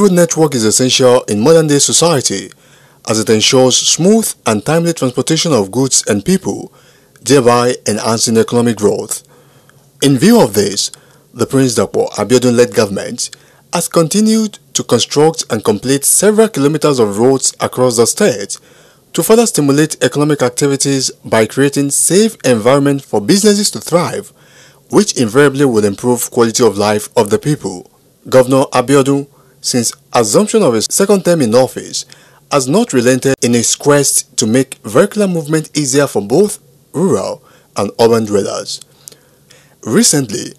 road network is essential in modern-day society as it ensures smooth and timely transportation of goods and people, thereby enhancing economic growth. In view of this, the Prince Dapo Abiodun-led government has continued to construct and complete several kilometers of roads across the state to further stimulate economic activities by creating safe environment for businesses to thrive, which invariably will improve quality of life of the people. Governor Abiodun since assumption of his second term in office, has not relented in his quest to make vehicular movement easier for both rural and urban dwellers. Recently,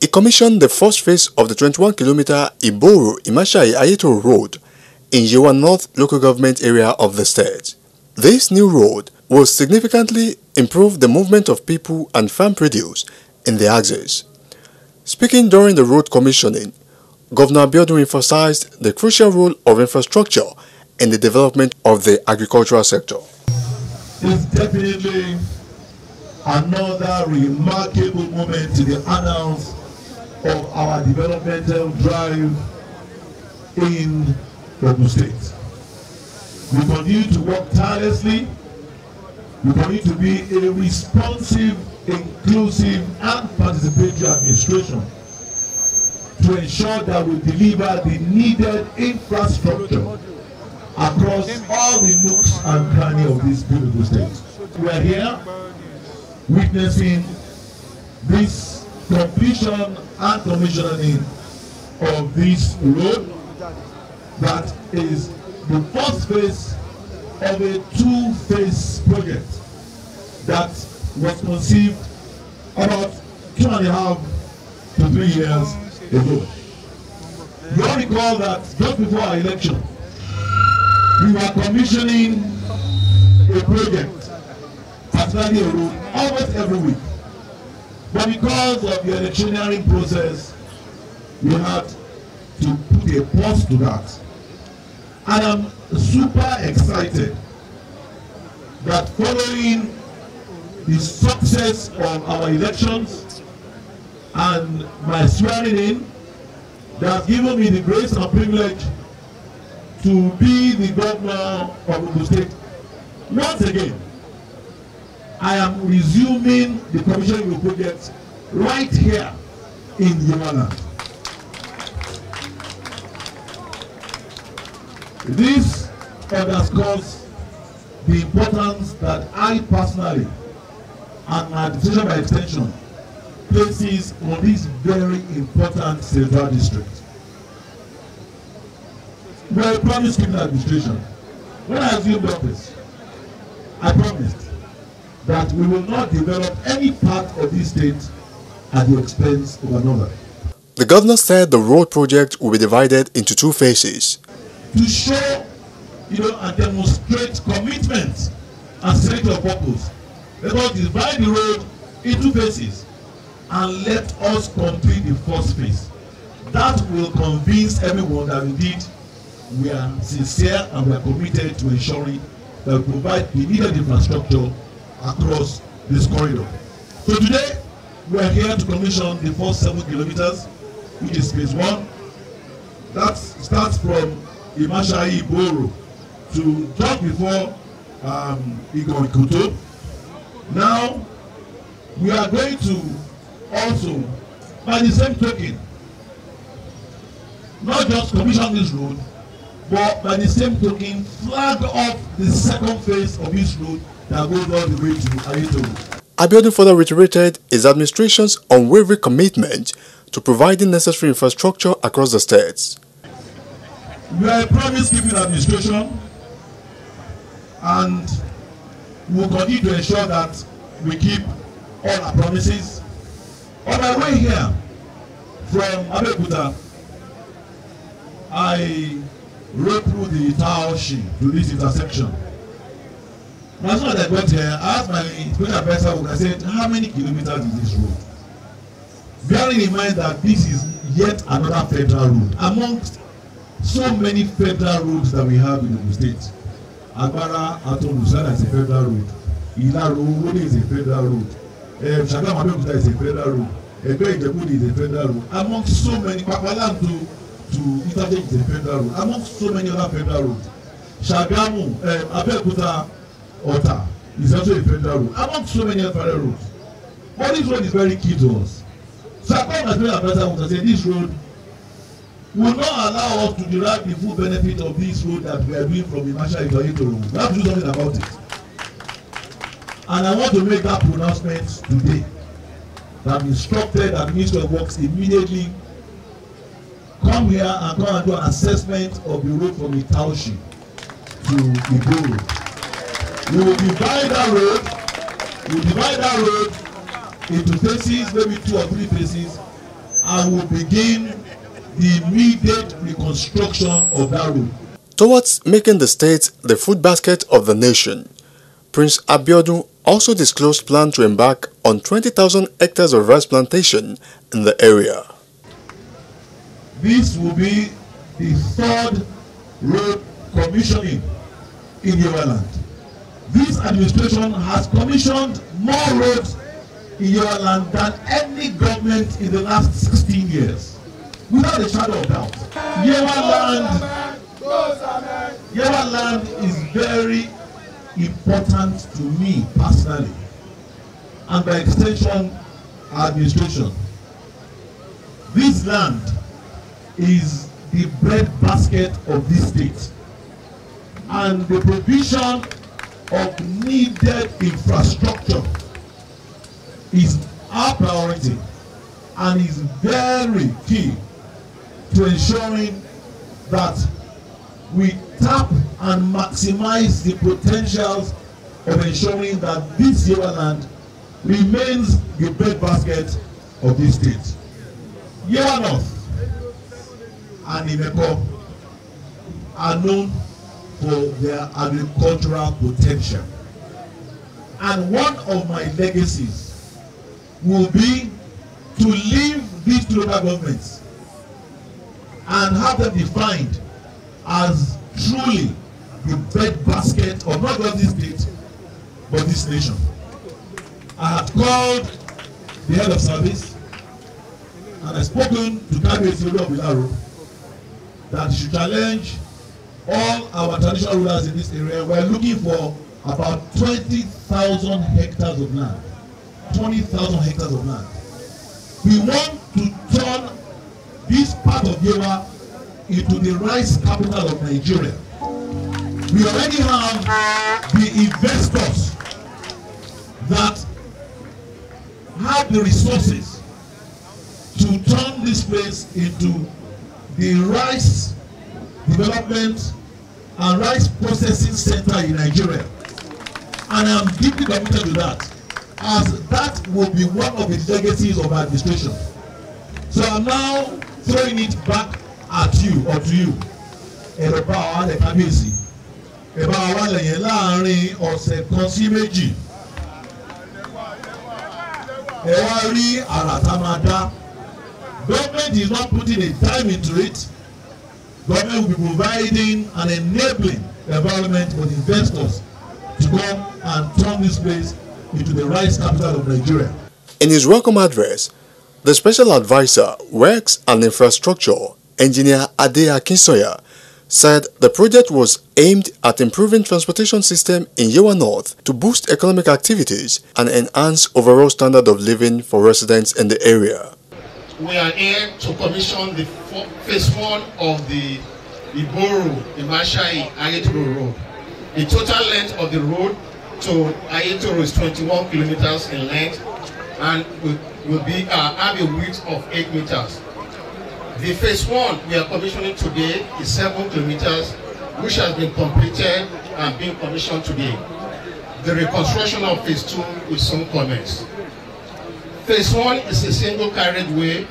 he commissioned the first phase of the 21-kilometer Iboru-Imashai-Ayeto Road in Yewa North local government area of the state. This new road will significantly improve the movement of people and farm produce in the axis. Speaking during the road commissioning, Governor Biodun emphasized the crucial role of infrastructure in the development of the agricultural sector. It's definitely another remarkable moment in the annals of our developmental drive in Ogun State. We continue to work tirelessly. We continue to be a responsive, inclusive, and participatory administration to ensure that we deliver the needed infrastructure across all the nooks and crannies of this beautiful state. We are here witnessing this completion and commissioning of this road that is the first phase of a two-phase project that was conceived about two and a half to three years ago. You all recall that just before our election, we were commissioning a project, particularly a road, almost every week. But because of the electioneering process, we had to put a pause to that. And I'm super excited that following the success of our elections, and my swearing in, that have given me the grace and privilege to be the governor of Ogun State. Once again, I am resuming the commissioning of project right here in Yamala. This underscores the importance that I personally and my decision by extension cases on this very important central district. We are a promise criminal administration. When I assumed office, I promised that we will not develop any part of this state at the expense of another. The governor said the road project will be divided into two phases. To show, you know, and demonstrate commitment and strength of purpose. Let us divide the road into phases. and let us complete the first phase. That will convince everyone that indeed we are sincere and we are committed to ensuring that we provide the needed infrastructure across this corridor. So today, we are here to commission the first seven kilometers, which is phase one. That starts from Imashai Boro to just before um, Igon Now, we are going to also, by the same token, not just commission this road, but by the same token, flag off the second phase of this road that goes all the way to Ayutthaya. Abiodun further reiterated his administration's unwavering commitment to providing necessary infrastructure across the states. We are a promise-keeping administration and we will continue to ensure that we keep all our promises On my way here from Abeokuta, I rode through the township to this intersection. as soon as I got here, I asked my spiritual advisor, I said, how many kilometers is this road? Bearing in mind that this is yet another federal road amongst so many federal roads that we have in Ogun State. Agbara Ato Lusana is a federal road. Ilaro Owole is a federal road. Ṣàgámù eh, Abẹ́òkúta is a federal road Ẹ̀gbẹ́ ìjẹ̀bú is a federal road among so many Papalando to Itajẹ is a federal road among so many other federal roads Ṣàgámù eh, Abẹ́òkúta Ọ̀tà is also a federal road among so many other federal roads but this road is very key to us so according to the president say this road will not allow us to derive the full benefit of this road that we are doing from Imasha Idoye to Romu we have to do something about it. And I want to make that pronouncement today. That I'm instructed that Ministry of Works immediately come here and come and do an assessment of the road from Itaoshi to Igoro. We will divide that road, we will divide that road into phases, maybe two or three phases, and we will begin the immediate reconstruction of that road. Towards making the state the food basket of the nation, Prince Abiodun also disclosed plan to embark on 20,000 hectares of rice plantation in the area. This will be the third road commissioning in Yorubaland. This administration has commissioned more roads in Yorubaland than any government in the last 16 years, without a shadow of doubt. Yorubaland, is very important to me personally and by extension administration. This land is the breadbasket of this state and the provision of needed infrastructure is our priority and is very key to ensuring that we tap and maximize the potentials of ensuring that this Yoruba land remains the breadbasket of this state. Yewa and Imeko are known for their agricultural potential. And one of my legacies will be to leave these local governments and have them defined as truly the breadbasket of not just this state, but this nation. I have called the head of service and I spoken to Kabir Theodore of Ilaro that should challenge all our traditional rulers in this area. We're looking for about twenty thousand hectares of land. Twenty thousand hectares of land. We want to turn this part of Yewa into the rice capital of Nigeria. We already have the investors that have the resources to turn this place into the rice development and rice processing center in Nigeria. And I'm deeply committed to that, as that will be one of the legacies of administration. So I'm now throwing it back at you or to you ẹ̀rọ bá wa lẹ̀ kábíyèsí ẹ̀rọ bá wa lẹ̀ yẹn láàrin ọ̀sẹ̀ kan sí méjì ẹ wá rí àrà tá a máa dá government is not putting a time into it government will be providing an enabling environment for the investors to come and turn this place into the rice capital of Nigeria. In his welcome address, the special adviser Works on Infrastructure Engineer Ade Akinsoya, said the project was aimed at improving transportation system in Yewa North to boost economic activities and enhance overall standard of living for residents in the area. We are here to commission the phase one of the Iboro Imashai Ayetoro Road. The total length of the road to Ayetoro is 21 kilometers in length and will, will be uh, have a width of 8 meters. The phase one we are commissioning today is seven kilometers, which has been completed and being commissioned today. The reconstruction of phase two is soon commence. Phase one is a single carriageway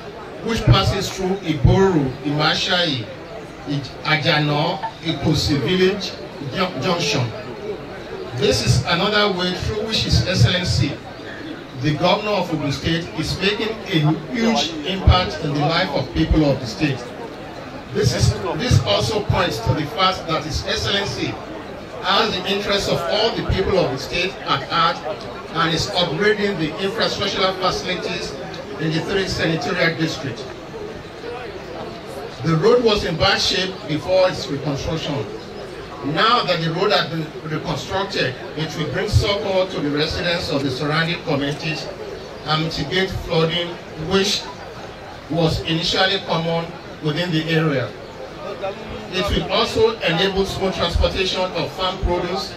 which passes through Iboru, Imashai, Ajano, Ikosi village junction. This is another way through which His Excellency the governor of Ogun State is making a huge impact in the life of people of the state. This, is, this also points to the fact that His Excellency has the interests of all the people of the state at heart and is upgrading the infrastructural facilities in the three senatorial district. The road was in bad shape before its reconstruction, now that the road has been reconstructed, it will bring support to the residents of the surrounding communities and um, mitigate flooding, which was initially common within the area. It will also enable smooth transportation of farm produce,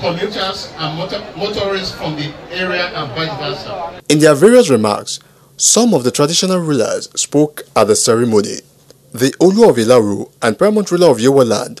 commuters and motorists from the area and vice versa. In their various remarks, some of the traditional rulers spoke at the ceremony. The Olu of Ilaru and Paramount ruler of Yowa land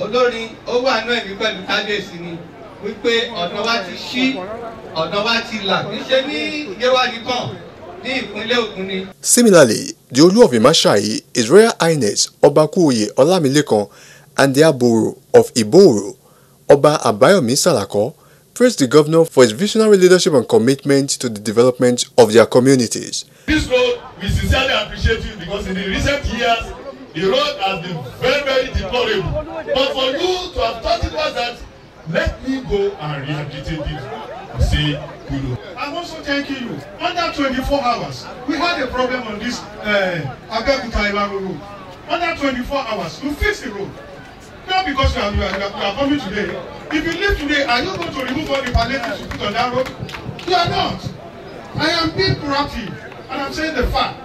olórin ó wà nú ẹ̀mí pẹ̀lú kábíyèsí ni wípé ọ̀nà wa ti ṣí ọ̀nà wa ti là kì í ṣe ní Yewa nìkan ní ìpínlẹ̀ Ògùn ni. Similarly, the Olu of Imashayi is Royal Highness Ọba Kúoyè Ọlámilékan and the Aboro of Iboro, Ọba Abayomi Salako, praised the governor for his visionary leadership and commitment to the development of their communities. This road, we sincerely appreciate you because in the recent years, the road has been very very deplorable but for you to have thought it was that let me go and rehabilitate it you say kulu. i'm also thanking you under twenty-four hours we had a problem on this uh, abeokuta ibaru road under twenty-four hours you fix the road not because you are you are you are coming today if you leave today are you going to remove all the palliatives you put on that road you are not i am being proactive and i'm saying the fact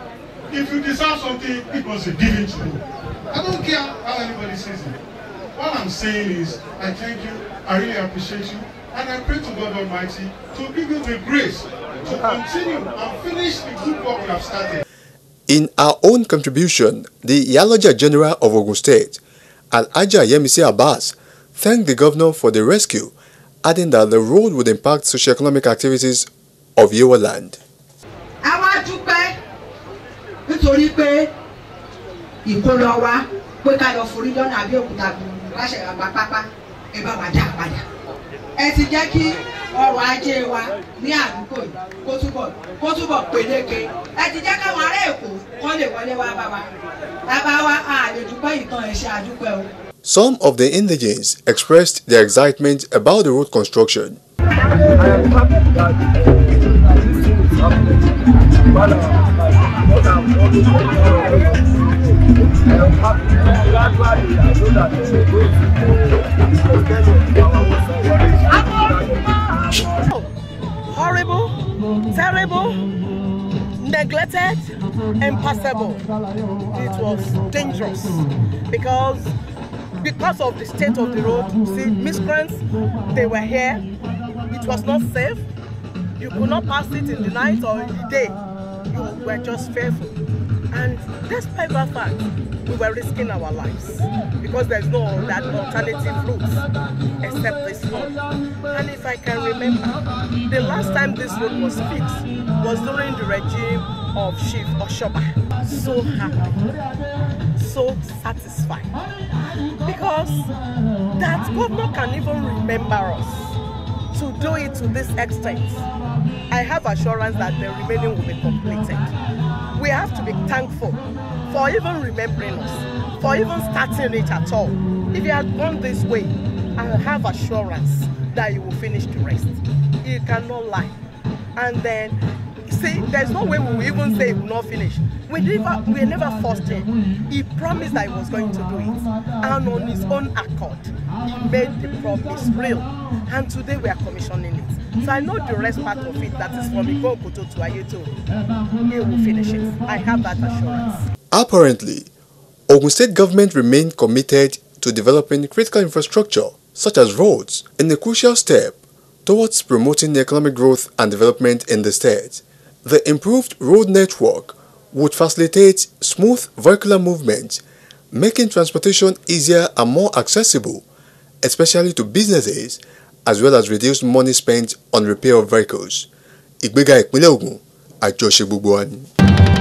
If you deserve something, it must be given to you. I don't care how anybody sees it. What I'm saying is, I thank you, I really appreciate you, and I pray to God Almighty to give you the grace to continue and finish the good work we have started. In our own contribution, the Yaloja General of Ogun State, Al-Aja Yemisi Abbas, thanked the governor for the rescue, adding that the road would impact socio-economic activities of Yewa land. I want to pay nítorí pé ìkólọ wa pé ká lọ forí lọ́nà Abẹ́òkúta láṣẹ àgbà pápá ẹ bá wa dá padà ẹ ti jẹ́ kí ọrọ̀ ajé wa ní àdúgbò yìí kó túbọ̀ ẹ ti jẹ́ káwọn ará Èkó wọ́n lè wọlé wá bá wa bàbá wa a dúpẹ́ ìtàn ẹ̀ àdúpẹ́ o. Some of the indigents expressed their excitement about the road construction. Horrible, terrible, neglected, impossible. It was dangerous because because of the state of the road. You See, miscreants, they were here. It was not safe. You could not pass it in the night or in the day you were just fearful. And despite that fact, we were risking our lives because there's no that alternative route except this one. And if I can remember, the last time this road was fixed was during the regime of Chief Oshoba. So happy, so satisfied because that governor can even remember us to do it to this extent, I have assurance that the remaining will be completed. We have to be thankful for even remembering us, for even starting it at all. If you had gone this way, I have assurance that you will finish the rest. You cannot lie. And then there's no way we will even say we will not finish. We never we were never forced it. He promised that he was going to do it. And on his own accord, he made the promise real. And today we are commissioning it. So I know the rest part of it that is from Igokoto to Ayeto. He will finish it. I have that assurance. Apparently, Ogun State government remained committed to developing critical infrastructure such as roads in a crucial step towards promoting economic growth and development in the state. The improved road network would facilitate smooth vehicular movement, making transportation easier and more accessible, especially to businesses, as well as reduce money spent on repair of vehicles. Ìgbéga ìpínlẹ̀ Ògùn àjọṣe